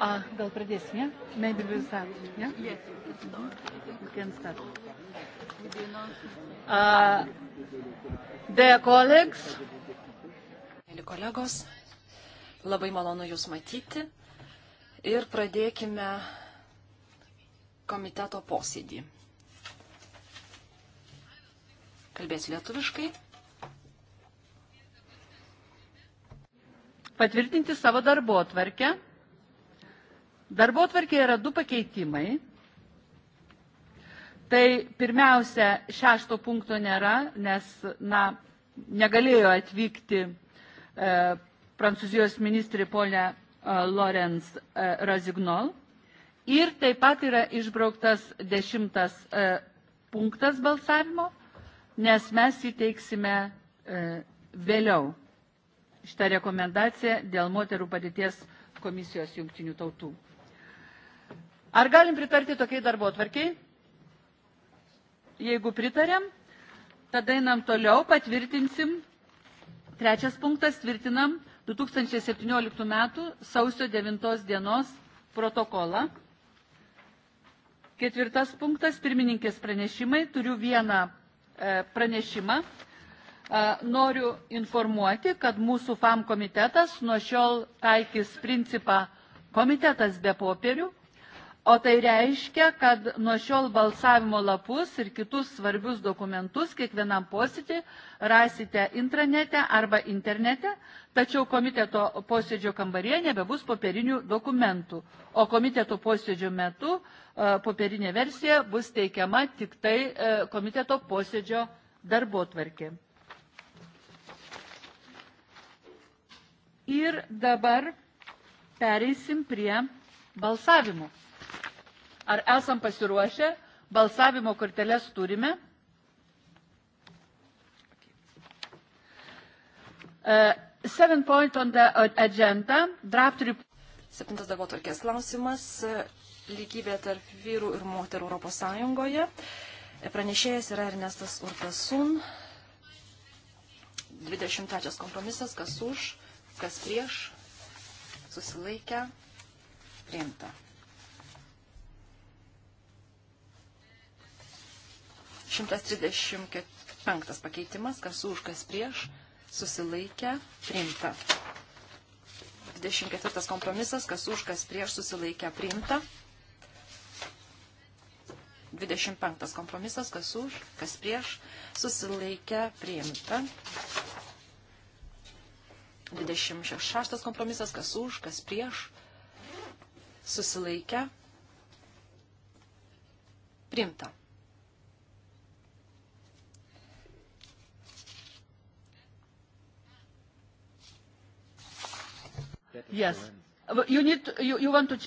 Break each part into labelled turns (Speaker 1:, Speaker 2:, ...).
Speaker 1: А, gal pradėsime? Maybe we'll start. Yeah? Yes, we can start. Uh, dear colleagues.
Speaker 2: Mėly kolegos, labai malonu Jūs matyti ir pradėkime komiteto posėdį. Kalbės lietuviškai.
Speaker 1: Patvirtinti savo darbo atvarkę. Darbo tvarkė yra du pakeitimai. Tai pirmiausia, šešto punkto nėra, nes na, negalėjo atvykti e, prancūzijos ministrė ponia e, Lorenz e, Razignol. Ir taip pat yra išbrauktas dešimtas e, punktas balsavimo, nes mes įteiksime e, vėliau šitą rekomendaciją dėl moterų padėties komisijos jungtinių tautų. Ar galim pritarti tokiai darbo atvarkiai? Jeigu pritarėm, tada einam toliau, patvirtinsim. Trečias punktas tvirtinam 2017 metų sausio 9 dienos protokolą. Ketvirtas punktas – pirmininkės pranešimai. Turiu vieną e, pranešimą. E, noriu informuoti, kad mūsų FAM komitetas nuo šiol taikys principą komitetas be popierių o tai reiškia kad nuo šiol balsavimo lapus ir kitus svarbius dokumentus kiekvienam posėdžiui rasite intranete arba internete tačiau komiteto posėdžio kambaryje nebebus popierinių dokumentų o komiteto posėdžio metu e, popierinė versija bus teikiama tik tai e, komiteto posėdžio darbotvarkė. Ir dabar pereisim prie balsavimo. Ar esam pasiruošę? Balsavimo korteles turime. Uh, seven point on the
Speaker 2: agenda, draft report. Septintas darbo tvarkės klausimas e, - lygybė tarp vyrų ir moterų Europos Sąjungoje. E, pranešėjas yra Ernestas Urtasun. 23 kompromisas, kas už, kas prieš, susilaikę, priimta. 135 pakeitimas, kas už, kas prieš, susilaikę, priimta. 24 kompromisas, kas už, kas prieš, susilaikę, priimta. 25 kompromisas, kas už, kas prieš, susilaikę, priimta. 26 kompromisas, kas už, kas prieš, susilaikę, priimta. Yes. You need, you, you want to...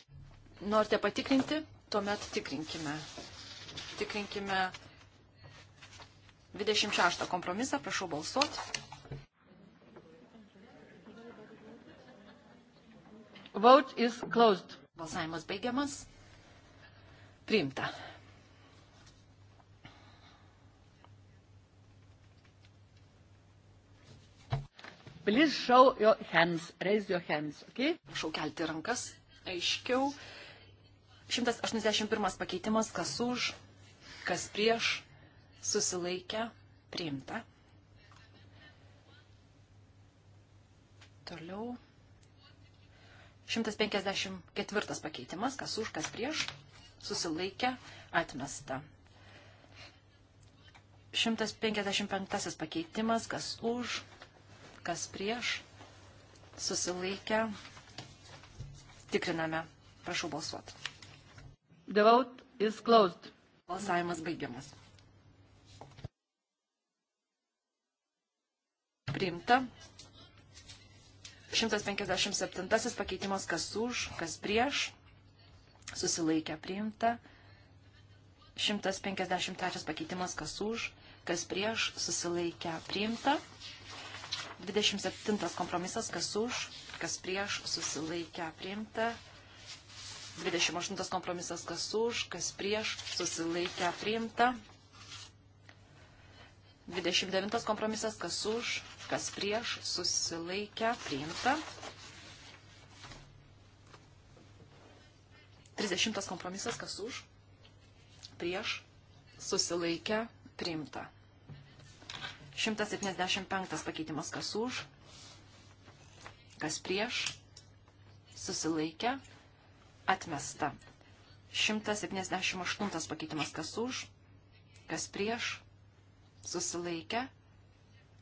Speaker 2: Norite patikrinti? Tuomet tikrinkime. Tikrinkime 26 kompromisą. Prašau balsuoti. Vote is closed. Balsavimas baigiamas. Priimta. Please show your hands, raise your hands, ok? Prašau kelti rankas, aiškiau. 181 pakeitimas, kas už, kas prieš, susilaikę, priimta. Toliau. 154 pakeitimas, kas už, kas prieš, susilaikę, atmesta. 155 pakeitimas, kas už, kas prieš, susilaikę, tikriname. Prašau balsuoti. The vote is closed. Balsavimas baigiamas. Priimta. 157 pakeitimas kas už, kas prieš, susilaikę priimta. 153 pakeitimas kas už, kas prieš, susilaikę priimta. 27 kompromisas, kas už, kas prieš, susilaikę priimta. 28 kompromisas, kas už, kas prieš, susilaikę priimta. 29 kompromisas, kas už, kas prieš, susilaikę priimta. 30 kompromisas, kas už, prieš, susilaikę priimta. 175 pakeitimas kas už, kas prieš, susilaikė, atmesta. 178 pakeitimas kas už, kas prieš, susilaikė,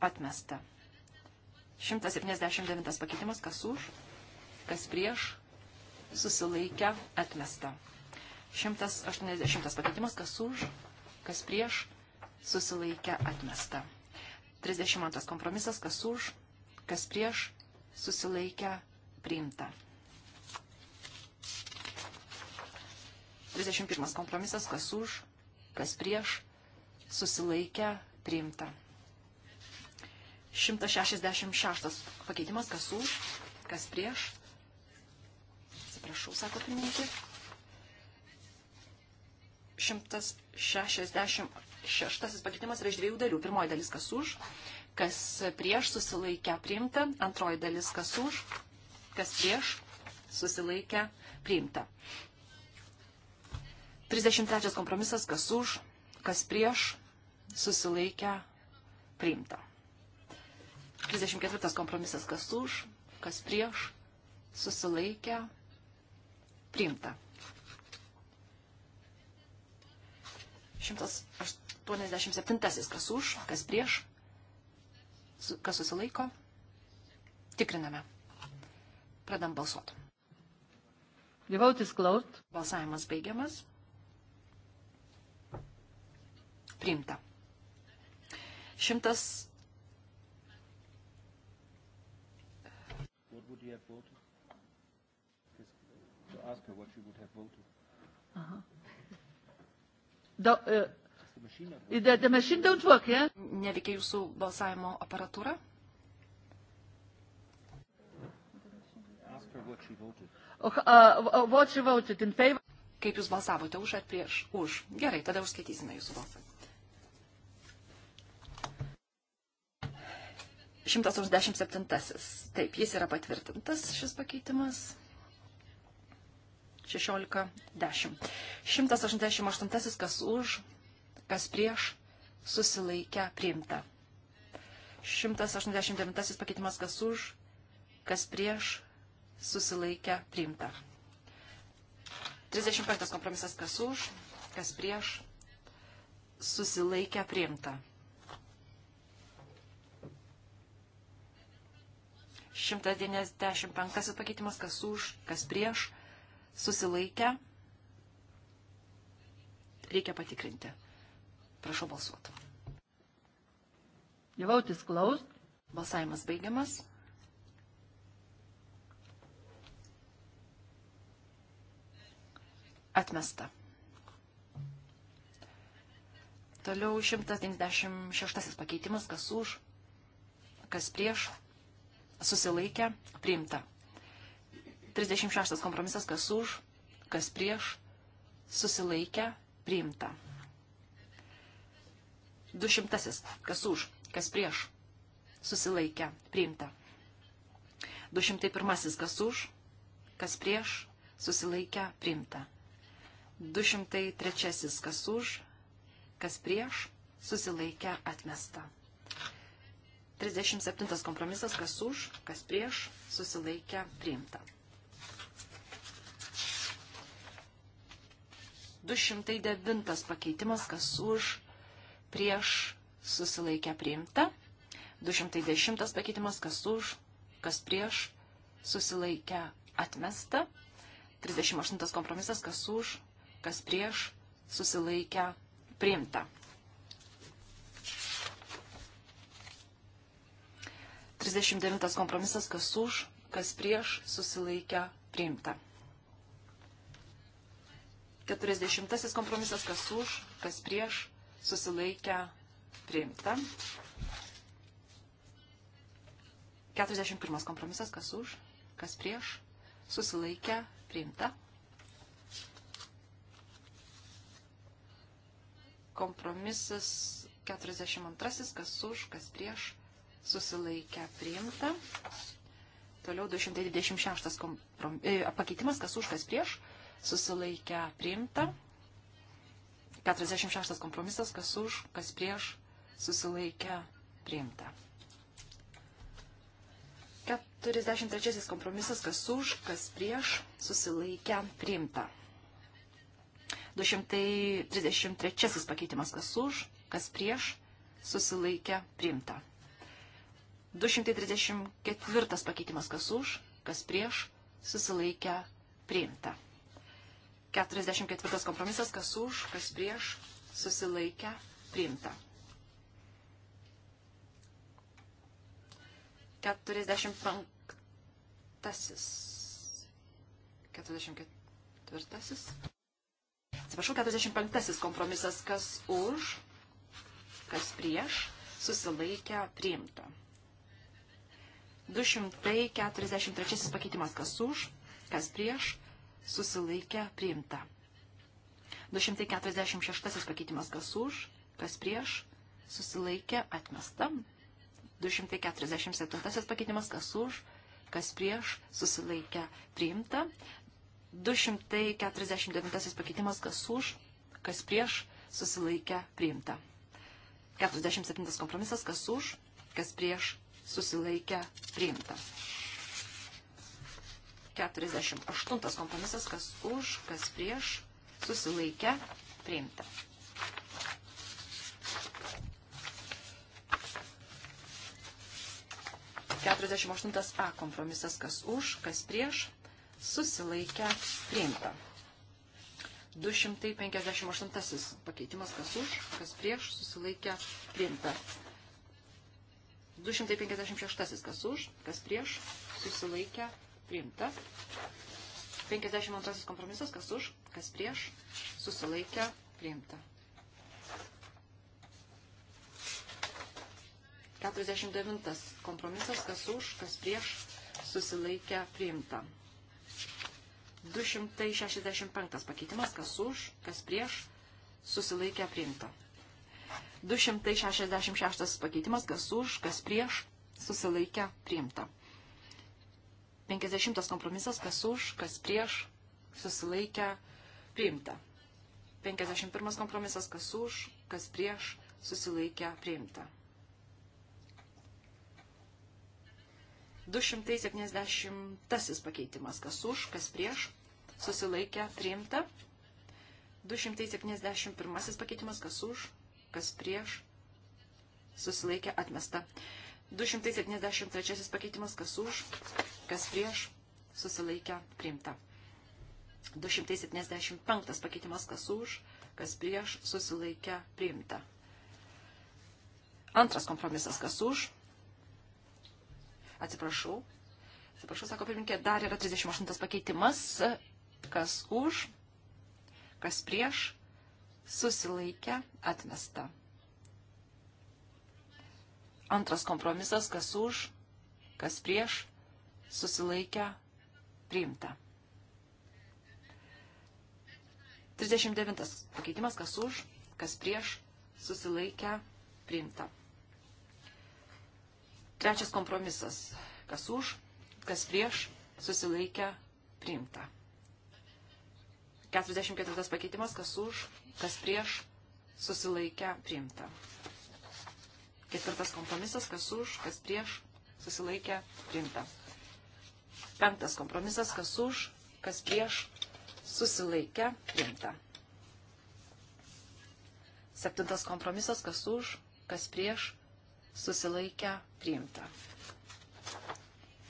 Speaker 2: atmesta. 179 pakeitimas kas už, kas prieš, susilaikė, atmesta. 180 pakeitimas kas už, kas prieš, susilaikė, atmesta. 32 kompromisas, kas už, kas prieš, susilaikę, priimta. 31 kompromisas, kas už, kas prieš, susilaikę, priimta. 166 pakeitimas, kas už, kas prieš, atsiprašau, sako pirmininkė. 168 Šeštasis pakeitimas yra iš dviejų dalių. Pirmoji dalis kas už, kas prieš susilaikę priimta, antroji dalis kas už, kas prieš susilaikę priimta. 33 kompromisas kas už, kas prieš susilaikę priimta. 34 kompromisas kas už, kas prieš susilaikę priimta. 108 87. Kas už, kas prieš, kas susilaiko. Tikriname. Pradam balsuoti. Gyvautis klaut. Balsavimas baigiamas. Priimta. Šimtas.
Speaker 1: What would you have voted? To ask her what you would have voted.
Speaker 2: Aha. Do, uh, The, the machine don't work, yeah? Neveikia jūsų balsavimo aparatūra? Oh, uh, uh what she voted in favor? Kaip jūs balsavote už ar prieš? Už. Gerai, tada užskaitysime jūsų balsą. 187. Taip, jis yra patvirtintas šis pakeitimas. 16.10. 188. Kas už? kas prieš, susilaikę, priimta. 189 pakeitimas kas už, kas prieš, susilaikę, priimta. 35 kompromisas kas už, kas prieš, susilaikę, priimta. 195 pakeitimas kas už, kas prieš, susilaikę, reikia patikrinti. Prašau balsuoti. Devautis klaus. Balsavimas baigiamas. Atmesta. Toliau 196 pakeitimas, kas už, kas prieš, susilaikė, priimta. 36 kompromisas, kas už, kas prieš, susilaikė, priimta. 200. Kas už, kas prieš. Susilaikę, priimta. 201. Kas už, kas prieš. Susilaikę, priimta. 203. Kas už, kas prieš. Susilaikę, atmesta. 37. Kompromisas. Kas už, kas prieš. Susilaikę, priimta. 209 pakeitimas, kas už, prieš susilaikę priimta. 210 pakeitimas, kas už, kas prieš susilaikę atmesta. 38 kompromisas, kas už, kas prieš susilaikę priimta. 39 kompromisas, kas už, kas prieš susilaikę priimta. 40 kompromisas, kas už, kas prieš susilaikę priimta. 41 kompromisas, kas už, kas prieš, susilaikę priimta. Kompromisas 42, kas už, kas prieš, susilaikę priimta. Toliau 226 e, pakeitimas, kas už, kas prieš, susilaikę priimta. 46 kompromisas, kas už, kas prieš, susilaikę, priimta. 43 kompromisas, kas už, kas prieš, susilaikę, priimta. 233 pakeitimas, kas už, kas prieš, susilaikę, priimta. 234 pakeitimas, kas už, kas prieš, susilaikę, priimta. 44 kompromisas, kas už, kas prieš, susilaikę, priimta. 45. 44. Atsiprašau, 45 kompromisas, kas už, kas prieš, susilaikę, priimta. 243 pakeitimas, kas už, kas prieš, susilaikę priimta. 246 pakeitimas kas už, kas prieš, susilaikė atmesta. 247 pakeitimas kas už, kas prieš, susilaikė priimta. 249 pakeitimas kas už, kas prieš, susilaikė priimta. 47 kompromisas kas už, kas prieš, susilaikė priimta. 48 kompromisas, kas už, kas prieš, susilaikę, priimta. Keturiasdešimt aštuntas A kompromisas, kas už, kas prieš, susilaikę, priimta. 258 pakeitimas, kas už, kas prieš, susilaikę, priimta. 256 kas už, kas prieš, susilaikę, priimta. 52 kompromisas, kas už, kas prieš, susilaikę, priimta. 49 kompromisas, kas už, kas prieš, susilaikę, priimta. 265 pakeitimas, kas už, kas prieš, susilaikę, priimta. 266 pakeitimas, kas už, kas prieš, susilaikę, priimta. 50 kompromisas, kas už, kas prieš, susilaikę, priimta. 51 kompromisas, kas už, kas prieš, susilaikę, priimta. 270 pakeitimas, kas už, kas prieš, susilaikę, priimta. 271 pakeitimas, kas už, kas prieš, susilaikę, atmesta. 273 pakeitimas, kas už, kas prieš, susilaikę, priimta. 275 pakeitimas kas už, kas prieš, susilaikę, priimta. Antras kompromisas kas už. Atsiprašau. Atsiprašau, sako pirminkė, dar yra 38 pakeitimas. Kas už, kas prieš, susilaikę, atmesta. Antras kompromisas kas už, kas prieš, susilaikę, priimta. 39 pakeitimas, kas už, kas prieš, susilaikę, priimta. Trečias kompromisas, kas už, kas prieš, susilaikę, priimta. 44 pakeitimas, kas už, kas prieš, susilaikę, priimta. Ketvirtas kompromisas, kas už, kas prieš, susilaikę, priimta. Penktas kompromisas, kas už, kas prieš, susilaikę, priimta. Septintas kompromisas, kas už, kas prieš, susilaikę, priimta.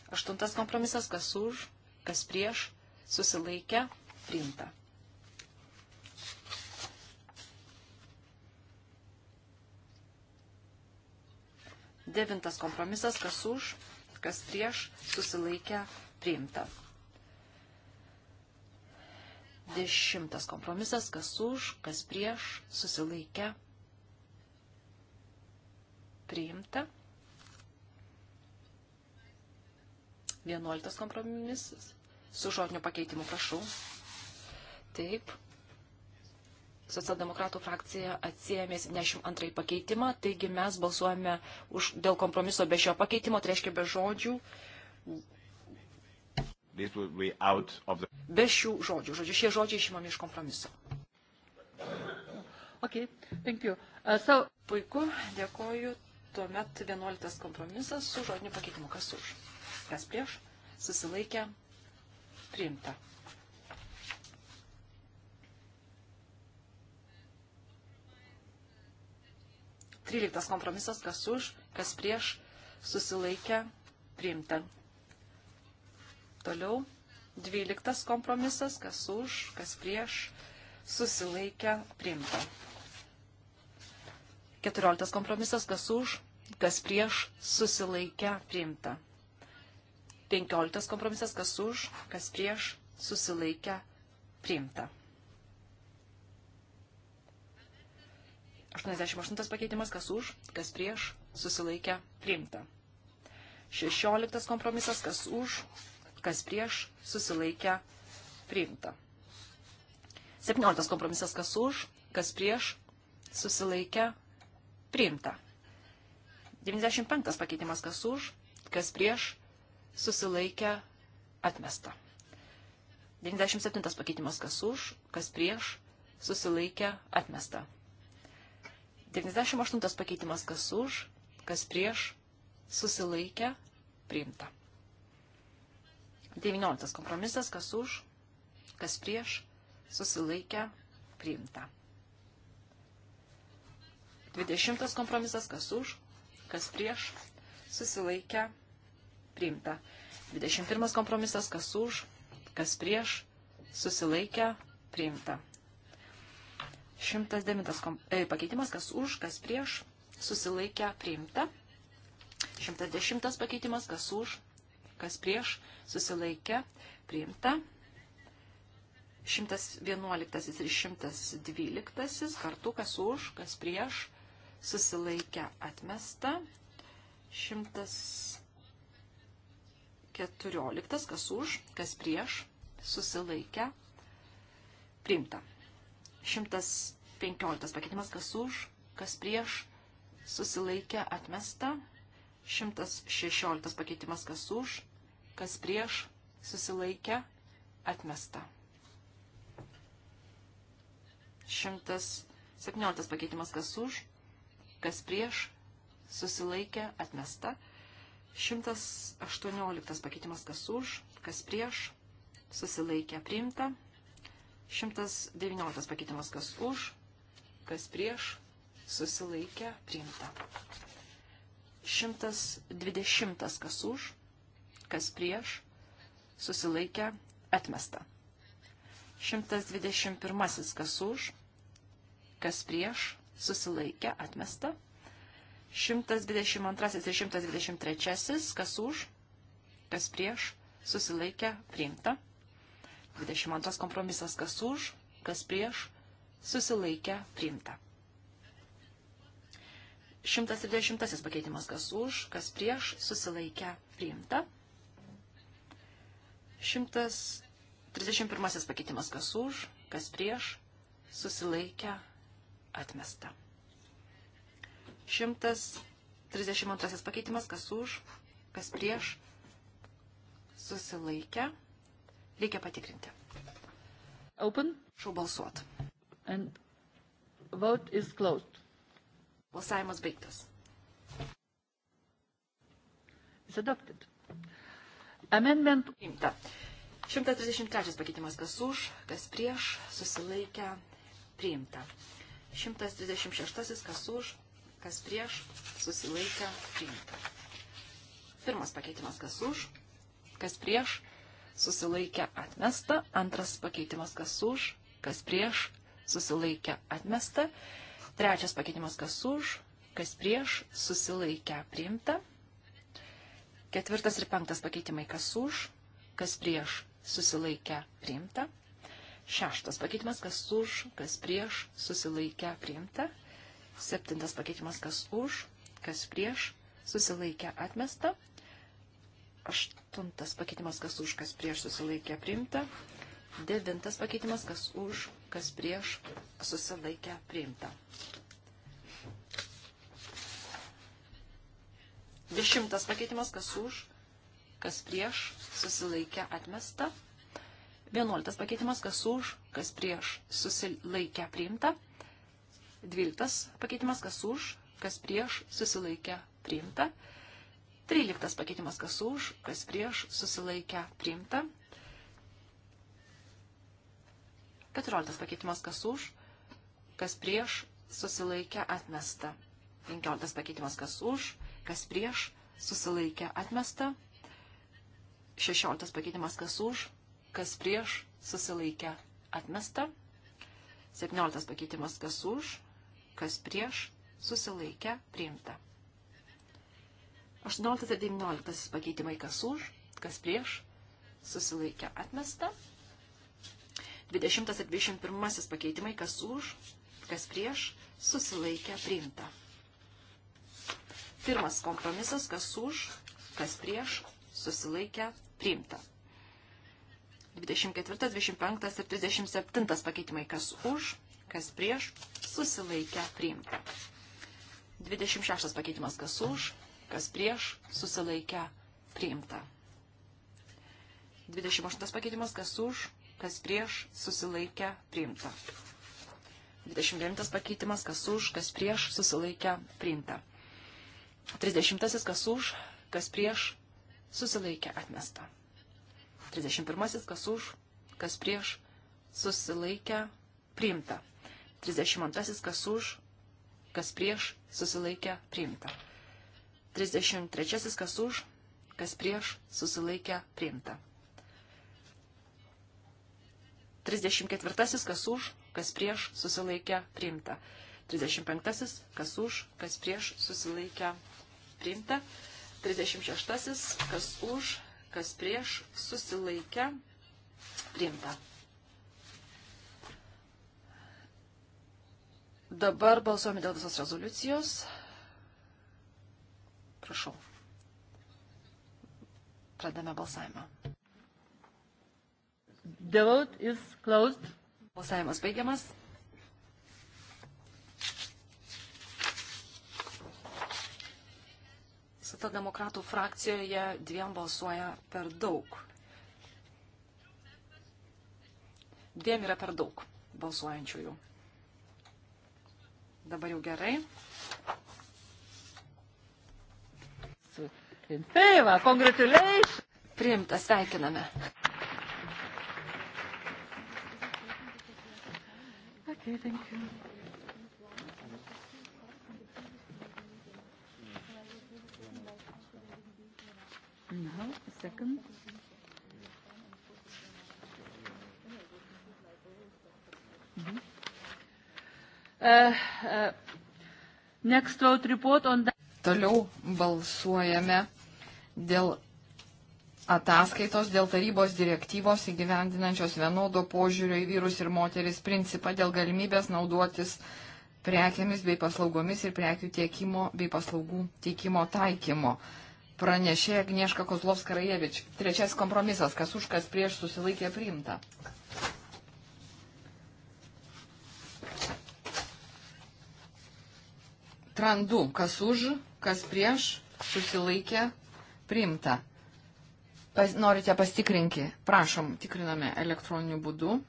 Speaker 2: Aštuntas kompromisas, kas už, kas prieš, susilaikę, priimta. Devintas kompromisas, kas už, kas prieš, susilaikę, priimta. Dešimtas kompromisas, kas už, kas prieš, susilaikę, priimta. Vienuoliktas kompromisas, su žodiniu pakeitimu prašau. Taip, socialdemokratų frakcija atsijėmė 72 pakeitimą, taigi mes balsuojame už, dėl kompromiso be šio pakeitimo, tai reiškia be žodžių, The... Be šių žodžių. Žodžiu, šie žodžiai išimami iš kompromiso. Okay, thank you. Uh, so... Puiku, dėkoju. Tuomet 11 kompromisas su žodiniu pakeitimu. Kas už? Kas prieš? Susilaikę. Priimta. Tryliktas kompromisas, kas už, kas prieš, susilaikę, priimta. Toliau 12 kompromisas, kas už, kas prieš, susilaikę, priimta. 14 kompromisas, kas už, kas prieš, susilaikę, priimta. 15 kompromisas, kas už, kas prieš, susilaikę, priimta. 88 pakeitimas, kas už, kas prieš, susilaikę, priimta. 16 kompromisas, kas už, kas prieš, susilaikę, priimta. 17 kompromisas kas už, kas prieš, susilaikę, priimta. 95 pakeitimas kas už, kas prieš, susilaikę, atmesta. 97 pakeitimas kas už, kas prieš, susilaikę, atmesta. 98 pakeitimas kas už, kas prieš, susilaikę, priimta. 19 kompromisas, kas už, kas prieš, susilaikę, priimta. 20 kompromisas, kas už, kas prieš, susilaikę, priimta. 21 kompromisas, kas už, kas prieš, susilaikę, priimta. 109 kom... e, pakeitimas, kas už, kas prieš, susilaikę, priimta. 110 pakeitimas, kas už, kas prieš, susilaikė, priimta. 111 ir 112 kartu, kas už, kas prieš, susilaikę atmesta. 114, kas už, kas prieš, susilaikę priimta. 115 pakeitimas, kas už, kas prieš, susilaikę atmesta. 116 pakeitimas, kas už, kas prieš, susilaikė, atmesta. 117 pakeitimas kas už, kas prieš, susilaikė, atmesta. 118 pakeitimas kas už, kas prieš, susilaikė, priimta. 119 pakeitimas kas už, kas prieš, susilaikė, priimta. 120 kas už, kas prieš, susilaikę, atmesta. 121. kas už, kas prieš, susilaikę, atmesta. 122 ir 123, kas už, kas prieš, susilaikę, priimta. 22 kompromisas, kas už, kas prieš, susilaikę, priimta. 130 pakeitimas, kas už, kas prieš, susilaikę, priimta. 131 pakeitimas kas už, kas prieš, susilaikę, atmesta. 132 pakeitimas kas už, kas prieš, susilaikę, reikia patikrinti. Open. Šau balsuot. And vote is closed. Balsavimas baigtas. Is adopted. Amendment imta. 133 pakeitimas kas už, kas prieš, susilaikę, priimta. 136 kas už, kas prieš, susilaikę, priimta. Pirmas pakeitimas kas už, kas prieš, susilaikę, atmesta. Antras pakeitimas kas už, kas prieš, susilaikę, atmesta. Trečias pakeitimas kas už, kas prieš, susilaikę, priimta. Ketvirtas ir penktas pakeitimai kas už, kas prieš susilaikę priimta. Šeštas pakeitimas kas už, kas prieš susilaikę priimta. Septintas pakeitimas kas už, kas prieš susilaikę atmesta. Aštuntas pakeitimas kas už, kas prieš susilaikę priimta. Devintas pakeitimas kas už, kas prieš susilaikę priimta. Dešimtas pakeitimas, kas už, kas prieš, susilaikę atmesta. Vienuoliktas pakeitimas, kas už, kas prieš, susilaikę priimta. Dvyliktas pakeitimas, kas už, kas prieš, susilaikę priimta. Tryliktas pakeitimas, kas už, kas prieš, susilaikę priimta. Keturioliktas pakeitimas, kas už, kas prieš, susilaikę atmesta. Penkioliktas pakeitimas, kas už, kas prieš, susilaikė atmesta. 16 pakeitimas kas už, kas prieš, susilaikė atmesta. 17 pakeitimas kas už, kas prieš, susilaikė priimta. 18 ir 19 pakeitimai kas už, kas prieš, susilaikė atmesta. 20 ir 21 pakeitimai kas už, kas prieš, susilaikė priimta. Pirmas kompromisas, kas už, kas prieš, susilaikę, priimta. 24, 25 ir 37 pakeitimai, kas už, kas prieš, susilaikę, priimta. 26 pakeitimas, kas už, kas prieš, susilaikę, priimta. 28 pakeitimas, kas už, kas prieš, susilaikę, priimta. 29 pakeitimas, kas už, kas prieš, susilaikę, priimta. 30 kas už, kas prieš, susilaikė atmesta. 31 kas už, kas prieš, susilaikė priimta. 32 kas už, kas prieš, susilaikė priimta. 33 kas už, kas prieš, susilaikė priimta. 34 kas už, kas prieš, susilaikė priimta. 35 kas už, kas prieš, susilaikė priimta priimta. 36. Kas už, kas prieš, susilaikę, priimta. Dabar balsuojame dėl visos rezoliucijos. Prašau. Pradame balsavimą. The vote is closed. Balsavimas baigiamas. socialdemokratų frakcijoje dviem balsuoja per daug. Dviem yra per daug balsuojančiųjų. Dabar jau gerai. Peiva, congratulations! Priimta, sveikiname. Okay, thank you.
Speaker 1: Now, a second. Mm-hmm.
Speaker 3: Uh, uh, next vote report on that. Toliau balsuojame dėl ataskaitos dėl tarybos direktyvos įgyvendinančios vienodo požiūrio į vyrus ir moteris principą dėl galimybės naudotis prekiamis bei paslaugomis ir prekių tiekimo bei paslaugų teikimo taikymo pranešė Agnieška Kozlovska Rajevič. Trečias kompromisas, kas už, kas prieš susilaikė priimta. Trandu, kas už, kas prieš susilaikė priimta. Pas, norite pastikrinti, prašom, tikriname elektroniniu būdu.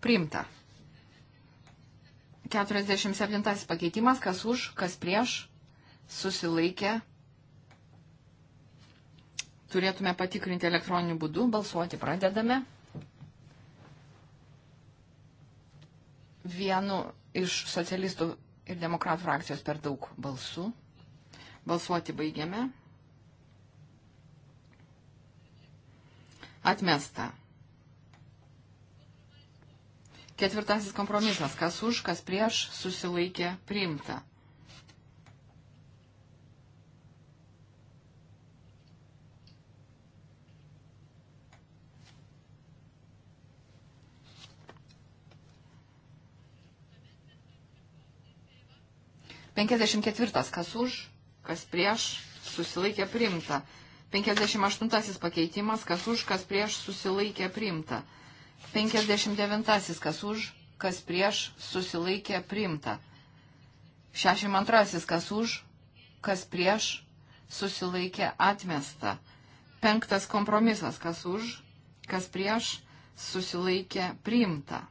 Speaker 3: Primta. 47 pakeitimas, kas už, kas prieš, susilaikė. Turėtume patikrinti elektroniniu būdu, balsuoti pradedame. Vienu iš socialistų ir demokratų frakcijos per daug balsų. Balsuoti baigiame. Atmesta. Ketvirtasis kompromisas. Kas už, kas prieš, susilaikė, priimta. Penkiasdešimt ketvirtas. Kas už, kas prieš, susilaikė, priimta. 58 pakeitimas, kas už, kas prieš susilaikė priimta. 59. Kas už, kas prieš, susilaikė priimta. 62. Kas už, kas prieš, susilaikė atmesta. Penktas kompromisas. Kas už, kas prieš, susilaikė priimta.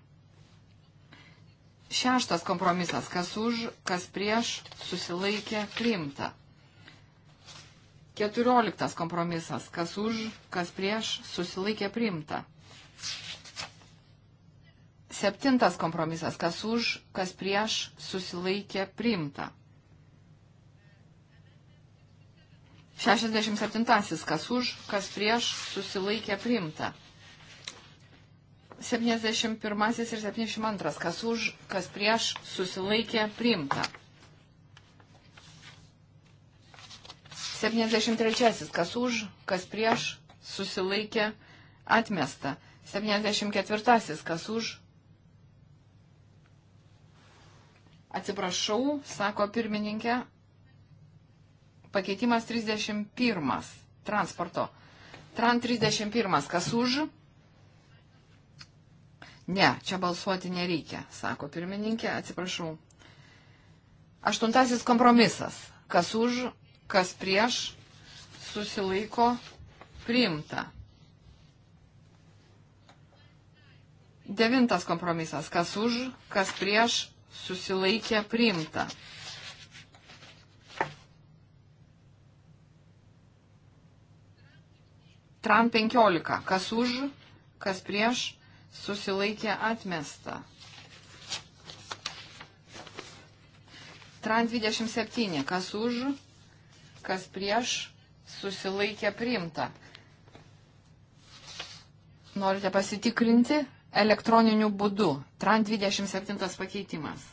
Speaker 3: Šeštas kompromisas. Kas už, kas prieš, susilaikė priimta. Keturioliktas kompromisas. Kas už, kas prieš, susilaikė priimta. Septintas kompromisas, kas už, kas prieš, susilaikė priimta. 67. Kas už, kas prieš, susilaikė priimta. 71 ir 72. Kas už, kas prieš, susilaikė priimta. 73. Kas už, kas prieš, susilaikė atmesta. 74. Kas už, Atsiprašau, sako pirmininkė, pakeitimas 31. Transporto. Tran 31. Kas už? Ne, čia balsuoti nereikia, sako pirmininkė, atsiprašau. Aštuntasis kompromisas. Kas už, kas prieš, susilaiko, priimta. Devintas kompromisas. Kas už, kas prieš, susilaikė priimta. Tram 15. Kas už, kas prieš, susilaikė atmesta. Tram 27. Kas už, kas prieš, susilaikė priimta. Norite pasitikrinti? elektroniniu būdu. Tran 27 pakeitimas.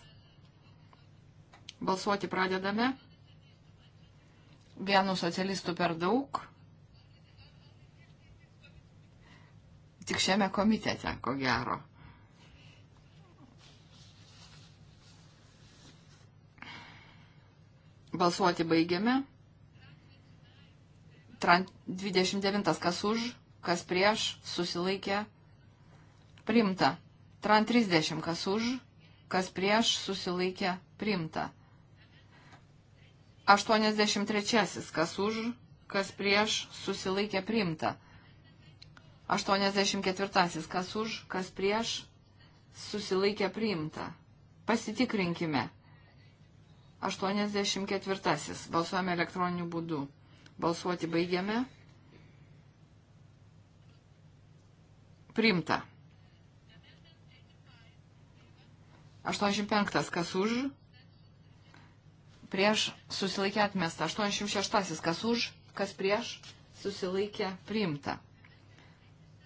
Speaker 3: Balsuoti pradedame. Vienu socialistų per daug. Tik šiame komitete, ko gero. Balsuoti baigiame. Tran 29 kas už, kas prieš, susilaikė primta. Tran 30, kas už, kas prieš, susilaikė, primta. 83, kas už, kas prieš, susilaikė, primta. 84, kas už, kas prieš, susilaikė, primta. Pasitikrinkime. 84. Balsuojame elektroniniu būdu. Balsuoti baigiame. Primta. 85. Kas už? Prieš susilaikė atmesta. 86. Kas už? Kas prieš? Susilaikė priimta.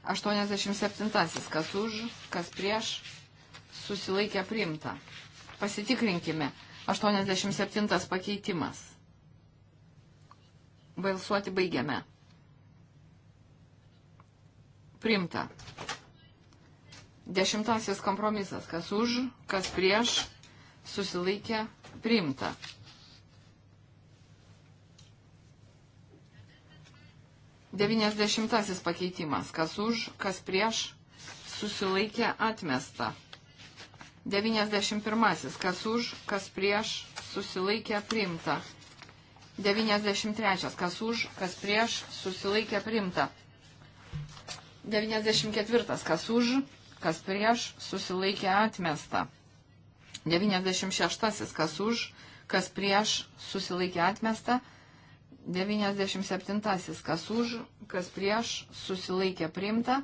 Speaker 3: 87. Kas už? Kas prieš? Susilaikė priimta. Pasitikrinkime. 87. pakeitimas. Balsuoti baigiame. Primta. Dešimtasis kompromisas, kas už, kas prieš, susilaikė, priimta. Devyniasdešimtasis pakeitimas, kas už, kas prieš, susilaikė, atmesta. Devyniasdešimt pirmasis, kas už, kas prieš, susilaikė, priimta. Devyniasdešimt trečias, kas už, kas prieš, susilaikė, priimta. Devyniasdešimt ketvirtas, kas už, kas prieš, susilaikė atmesta. 96. kas už, kas prieš, susilaikė atmesta. 97. kas už, kas prieš, susilaikė priimta.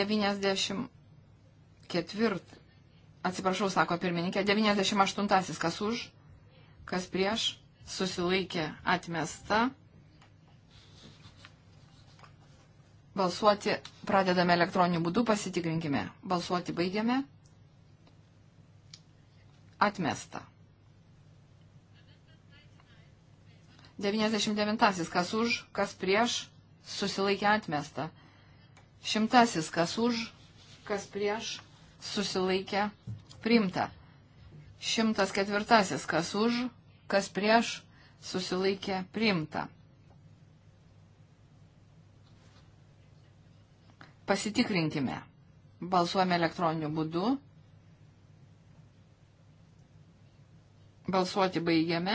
Speaker 3: 94. Atsiprašau, sako pirmininkė. 98. kas už, kas prieš, susilaikė atmesta. Balsuoti pradedame elektroniniu būdu, pasitikrinkime. Balsuoti baigiame. Atmesta. 99. Kas už, kas prieš, susilaikė atmesta. Šimtasis, kas už, kas prieš, susilaikė primta. Šimtas ketvirtasis, kas už, kas prieš, susilaikė primta. Pasitikrinkime. Balsuojame elektroniniu būdu. Balsuoti baigiame.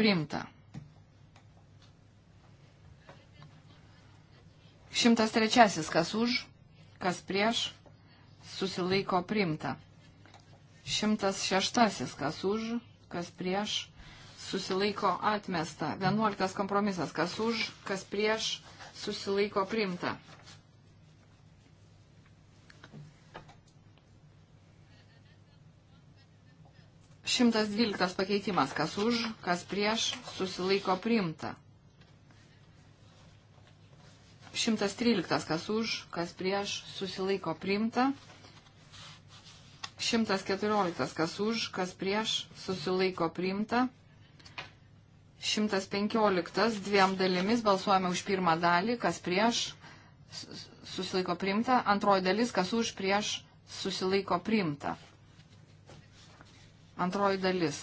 Speaker 3: Primta. 103. Kas už, kas prieš, susilaiko primta. 106. Kas už, kas prieš, susilaiko atmesta. 11 kompromisas, kas už, kas prieš, susilaiko primta. Šimtas dvyliktas pakeitimas, kas už, kas prieš, susilaiko primta. Šimtas tryliktas, kas už, kas prieš, susilaiko primta. 114. Kas už, kas prieš, susilaiko priimta. 115 dviem dalimis balsuojame už pirmą dalį, kas prieš susilaiko primta, antroji dalis, kas už prieš susilaiko primta. Antroji dalis.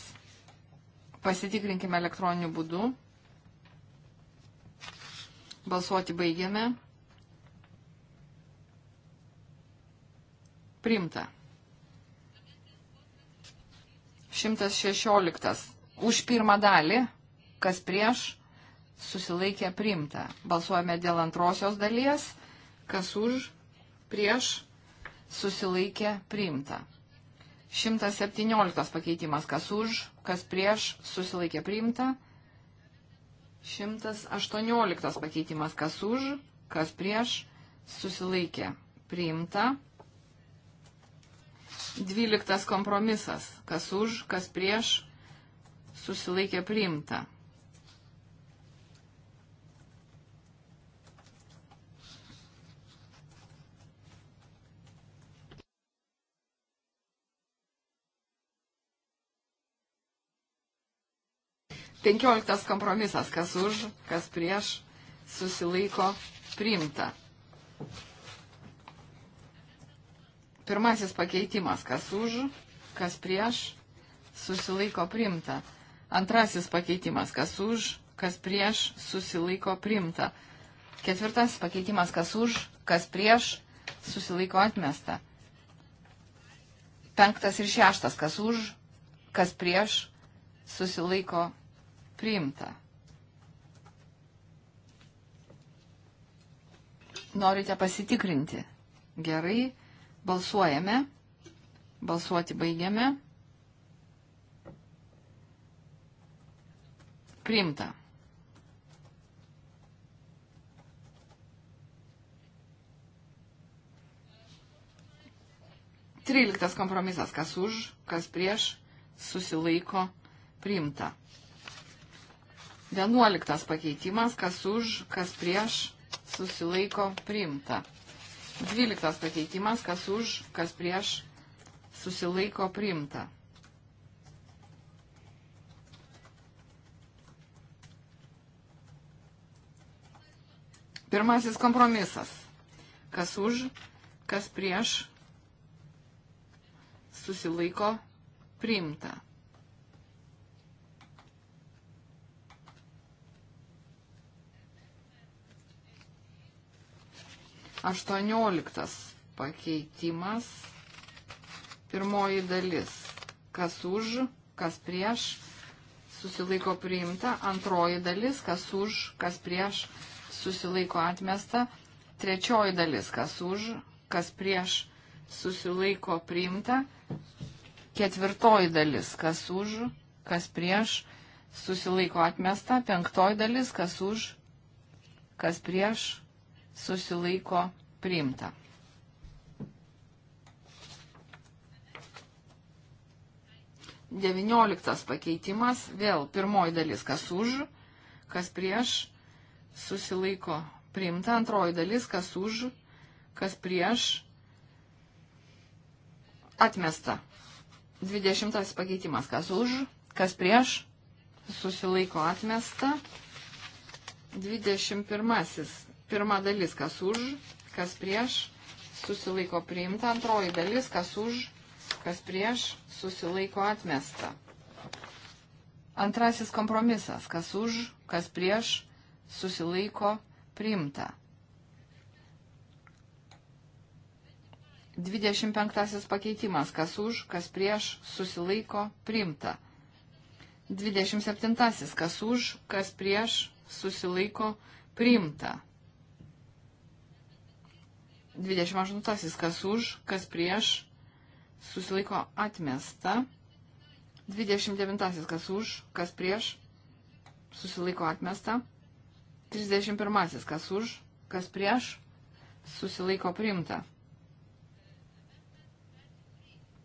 Speaker 3: Pasitikrinkime elektroniniu būdu. Balsuoti baigiame. Primta. 116. Už pirmą dalį kas prieš, susilaikė priimta. Balsuojame dėl antrosios dalies, kas už, prieš, susilaikė priimta. 117 pakeitimas, kas už, kas prieš, susilaikė priimta. 118 pakeitimas, kas už, kas prieš, susilaikė priimta. 12 kompromisas, kas už, kas prieš, susilaikė priimta. 15 kompromisas, kas už, kas prieš, susilaiko priimta. Pirmasis pakeitimas, kas už, kas prieš, susilaiko priimta. Antrasis pakeitimas, kas už, kas prieš, susilaiko priimta. Ketvirtas pakeitimas, kas už, kas prieš, susilaiko atmesta. Penktas ir šeštas, kas už, kas prieš, susilaiko Priimta. Norite pasitikrinti? Gerai. Balsuojame. Balsuoti baigiame. Priimta. Tryliktas kompromisas, kas už, kas prieš, susilaiko, priimta. Vienuoliktas pakeitimas, kas už, kas prieš, susilaiko priimta. Dvyliktas pakeitimas, kas už, kas prieš, susilaiko priimta. Pirmasis kompromisas. Kas už, kas prieš, susilaiko priimta. 18 pakeitimas, pirmoji dalis, kas už, kas prieš, susilaiko priimta, antroji dalis, kas už, kas prieš, susilaiko atmesta, trečioji dalis, kas už, kas prieš, susilaiko priimta, ketvirtoji dalis, kas už, kas prieš, susilaiko atmesta, penktoji dalis, kas už, kas prieš, susilaiko priimta. Devinioliktas pakeitimas, vėl pirmoji dalis, kas už, kas prieš, susilaiko priimta, antroji dalis, kas už, kas prieš, atmesta. Dvidešimtas pakeitimas, kas už, kas prieš, susilaiko atmesta. Dvidešimt pirmasis, Pirma dalis, kas už, kas prieš, susilaiko priimta. Antroji dalis, kas už, kas prieš, susilaiko atmesta. Antrasis kompromisas, kas už, kas prieš, susilaiko priimta. 25 pakeitimas, kas už, kas prieš, susilaiko priimta. 27 kas už, kas prieš, susilaiko priimta. 28. Kas už, kas prieš, susilaiko atmesta. 29. Kas už, kas prieš, susilaiko atmesta. 31. Kas už, kas prieš, susilaiko priimta.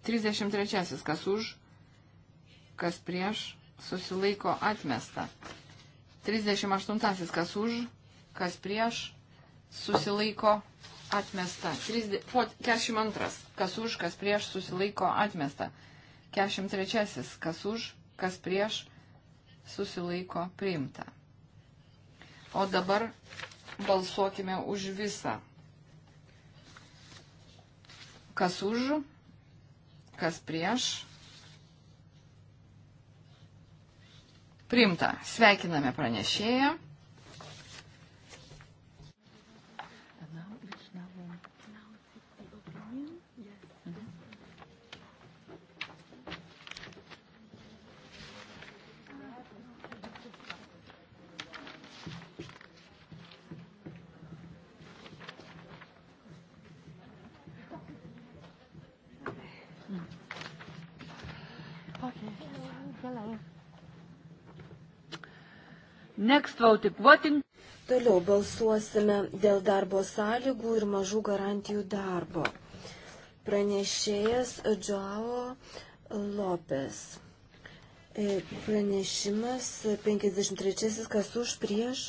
Speaker 3: 33. Kas už, kas prieš, susilaiko atmesta. 38. Kas už, kas prieš, susilaiko atmesta atmesta. 32. Kas už, kas prieš susilaiko atmesta. 43. Kas už, kas prieš susilaiko priimta. O dabar balsuokime už visą. Kas už, kas prieš. Primta. Sveikiname pranešėją.
Speaker 4: Next voting. voting. Toliau balsuosime dėl darbo sąlygų ir mažų garantijų darbo. Pranešėjas Džoao Lopes. E, pranešimas 53. Kas už prieš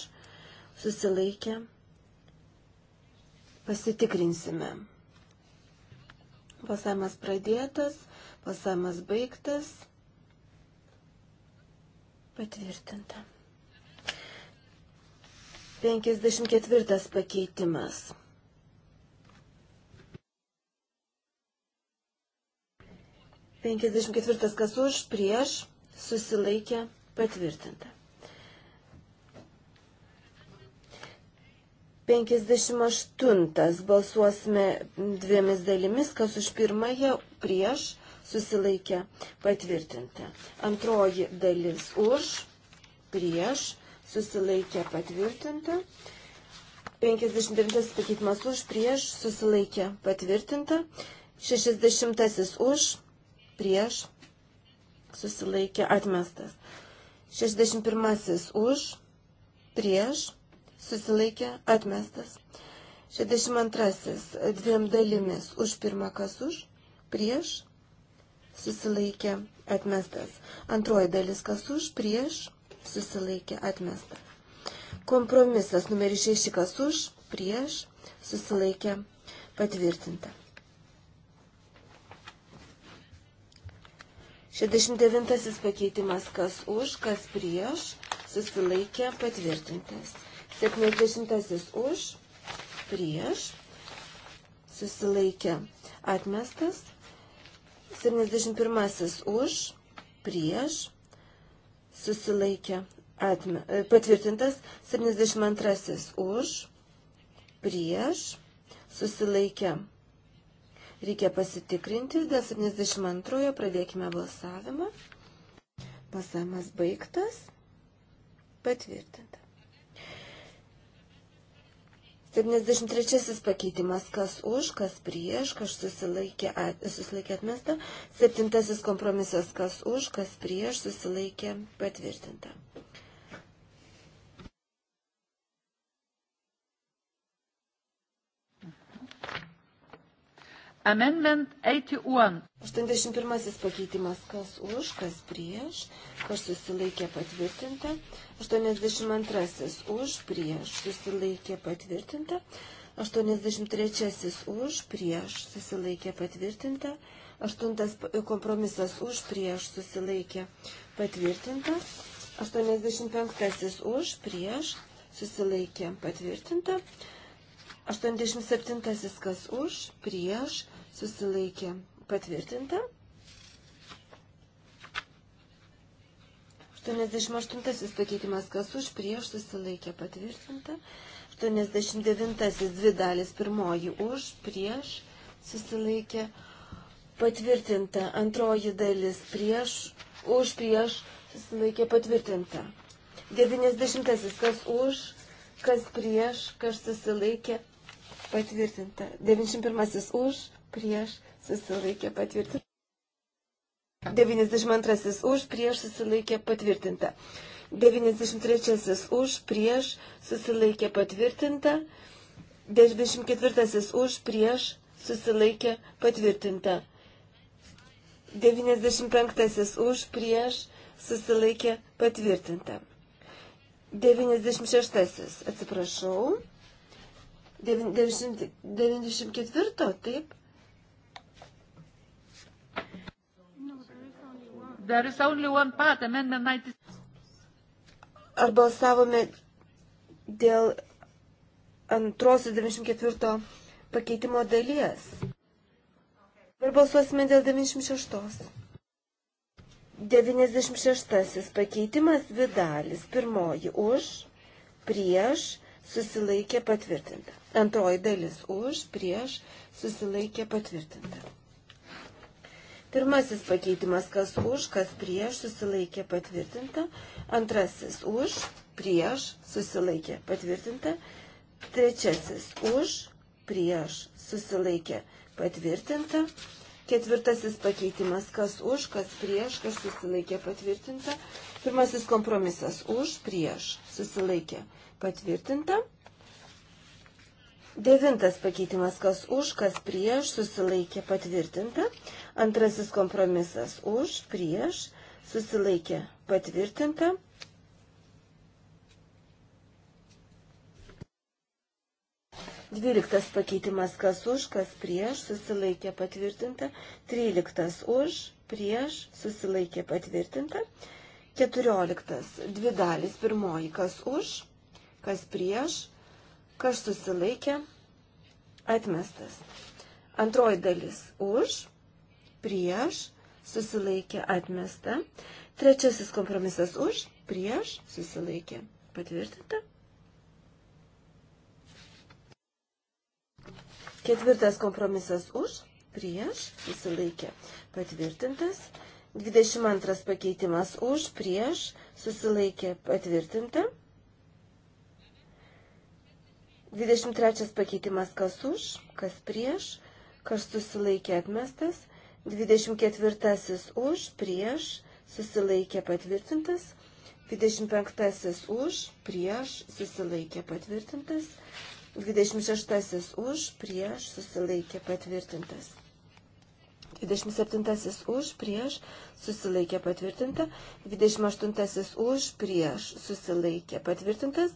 Speaker 4: susilaikė. Pasitikrinsime. Pasamas pradėtas, pasamas baigtas. Patvirtinta. 54 pakeitimas. Penkiasdešimt ketvirtas kas už, prieš, susilaikė, patvirtinta. 58 balsuosime dviemis dalimis, kas už pirmąją prieš susilaikė patvirtinti. Antroji dalis už, prieš susilaikė patvirtinta. 59 pakeitimas už, prieš, susilaikė patvirtinta. 60 už, prieš, susilaikė atmestas. 61 už, prieš, susilaikė atmestas. 62 dviem dalimis už pirmą kas už, prieš, susilaikė atmestas. Antroji dalis kas už, prieš, susilaikė atmesta. Kompromisas numeris 6, kas už, prieš, susilaikė patvirtinta. 69 pakeitimas, kas už, kas prieš, susilaikė patvirtintas. 70 už, prieš, susilaikė atmestas. 71 už, prieš, susilaikė atme, e, patvirtintas 72 už, prieš, susilaikė. Reikia pasitikrinti, dėl 72 pradėkime balsavimą. Balsavimas baigtas, patvirtinta. 73 pakeitimas, kas už, kas prieš, kas susilaikė, at, susilaikė atmesta. 7 kompromisas, kas už, kas prieš, susilaikė patvirtinta. Amendment 81. 81 pakeitimas, kas už, kas prieš, kas susilaikė patvirtinta. 82 už, prieš, susilaikė patvirtinta. 83 už, prieš, susilaikė patvirtinta. 8 kompromisas už, prieš, susilaikė patvirtinta. 85 už, prieš, susilaikė patvirtinta. 87 kas už, prieš, susilaikė patvirtinta. 88 pakeitimas kas už, prieš, susilaikė patvirtinta. 89 dvi dalis pirmoji už, prieš, susilaikė patvirtinta. Antroji dalis prieš, už, prieš, susilaikė patvirtinta. 90 kas už, kas prieš, kas susilaikė patvirtinta. 91 už, prieš susilaikė patvirtinta. 92 už, prieš susilaikė patvirtinta. 93 už, prieš susilaikė patvirtinta. 94 už, prieš susilaikė patvirtinta. 95 už, prieš susilaikė patvirtinta. 96 atsiprašau. 94, taip?
Speaker 1: There is only one part, amendment 90.
Speaker 4: Ar balsavome dėl antros 94 pakeitimo dalies? Ir balsuosime dėl 96. 96 pakeitimas dvi dalis. Pirmoji už, prieš, prieš susilaikė patvirtinta. Antroji dalis už, prieš, susilaikė patvirtinta. Pirmasis pakeitimas, kas už, kas prieš, susilaikė patvirtinta. Antrasis už, prieš, susilaikė patvirtinta. Trečiasis už, prieš, susilaikė patvirtinta. Ketvirtasis pakeitimas, kas už, kas prieš, kas susilaikė patvirtinta. Pirmasis kompromisas už, prieš, susilaikė patvirtinta Patvirtinta. Devintas pakeitimas, kas už, kas prieš, susilaikė patvirtinta. Antrasis kompromisas už, prieš, susilaikė patvirtinta. Dvyliktas pakeitimas, kas už, kas prieš, susilaikė patvirtinta. Tryliktas už, prieš, susilaikė patvirtinta. Keturioliktas, dvi dalis, pirmoji, kas už, kas prieš, kas susilaikė, atmestas. Antroji dalis už, prieš, susilaikė, atmesta. Trečiasis kompromisas už, prieš, susilaikė, patvirtinta. Ketvirtas kompromisas už, prieš, susilaikė, patvirtintas. 22 pakeitimas už, prieš, susilaikė, patvirtinta. 23 pakeitimas kas už, kas prieš, kas susilaikė atmestas. 24 už, prieš, susilaikė patvirtintas. 25 už, prieš, susilaikė patvirtintas. 26 už, prieš, susilaikė patvirtintas. 27 už, prieš, susilaikė patvirtinta. 28 už, prieš, susilaikė patvirtintas.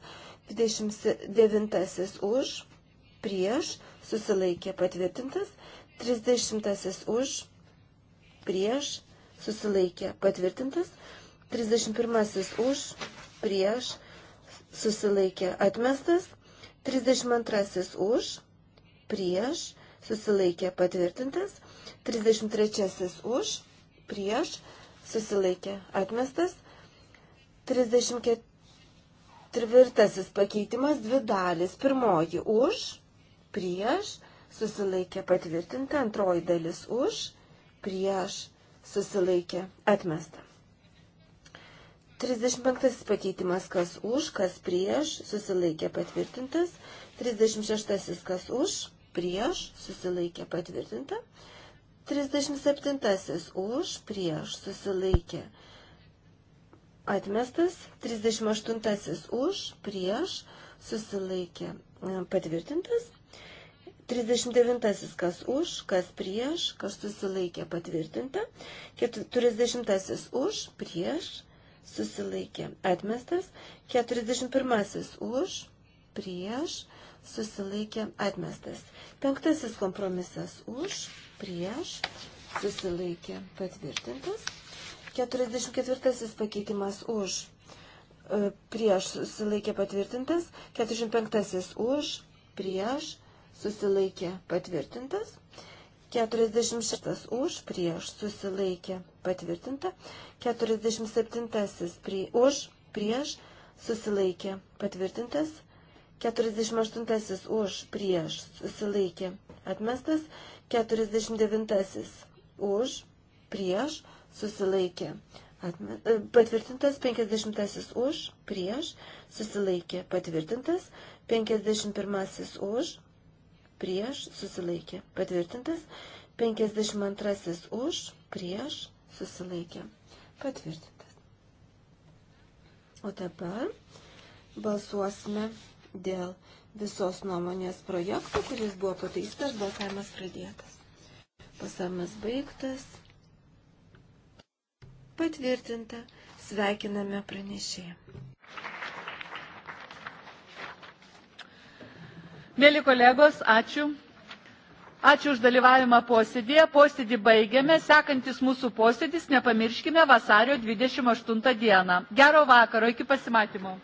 Speaker 4: 29 už, prieš, susilaikė patvirtintas. 30 už, prieš, susilaikė patvirtintas. 31 už, prieš, susilaikė atmestas. 32 už, prieš, susilaikė patvirtintas. 33 už, prieš, susilaikė, atmestas. 34 pakeitimas, dvi dalis. Pirmoji už, prieš, susilaikė, patvirtinta. Antroji dalis už, prieš, susilaikė, atmesta. 35 pakeitimas, kas už, kas prieš, susilaikė, patvirtintas. 36 kas už, prieš, susilaikė, patvirtinta. 37 už, prieš, susilaikė. Atmestas. 38 už, prieš, susilaikė. E, patvirtintas. 39 kas už, kas prieš, kas susilaikė patvirtinta. 40 už, prieš, susilaikė atmestas. 41 už, prieš, susilaikė atmestas. Penktasis kompromisas už, prieš, susilaikė patvirtintas. 44 pakeitimas e, už, prieš, susilaikė patvirtintas. 45 už, prieš, susilaikė patvirtintas. 46 už, prieš, susilaikė patvirtinta. 47 prie, už, prieš, susilaikė patvirtintas. 48 už, prieš, susilaikė atmestas. 49 už, prieš, susilaikė. Atmet, e, patvirtintas 50 už, prieš, susilaikė. Patvirtintas 51 už, prieš, susilaikė. Patvirtintas 52 už, prieš, susilaikė. Patvirtintas. O dabar balsuosime dėl visos nuomonės projektų, kuris buvo pateistas, balsavimas pradėtas. Pasavimas baigtas. Patvirtinta. Sveikiname pranešėją.
Speaker 1: Mėly kolegos, ačiū. Ačiū už dalyvavimą posėdėje. Posėdį baigiame. Sekantis mūsų posėdis, nepamirškime, vasario 28 dieną. Gero vakaro, iki pasimatymo.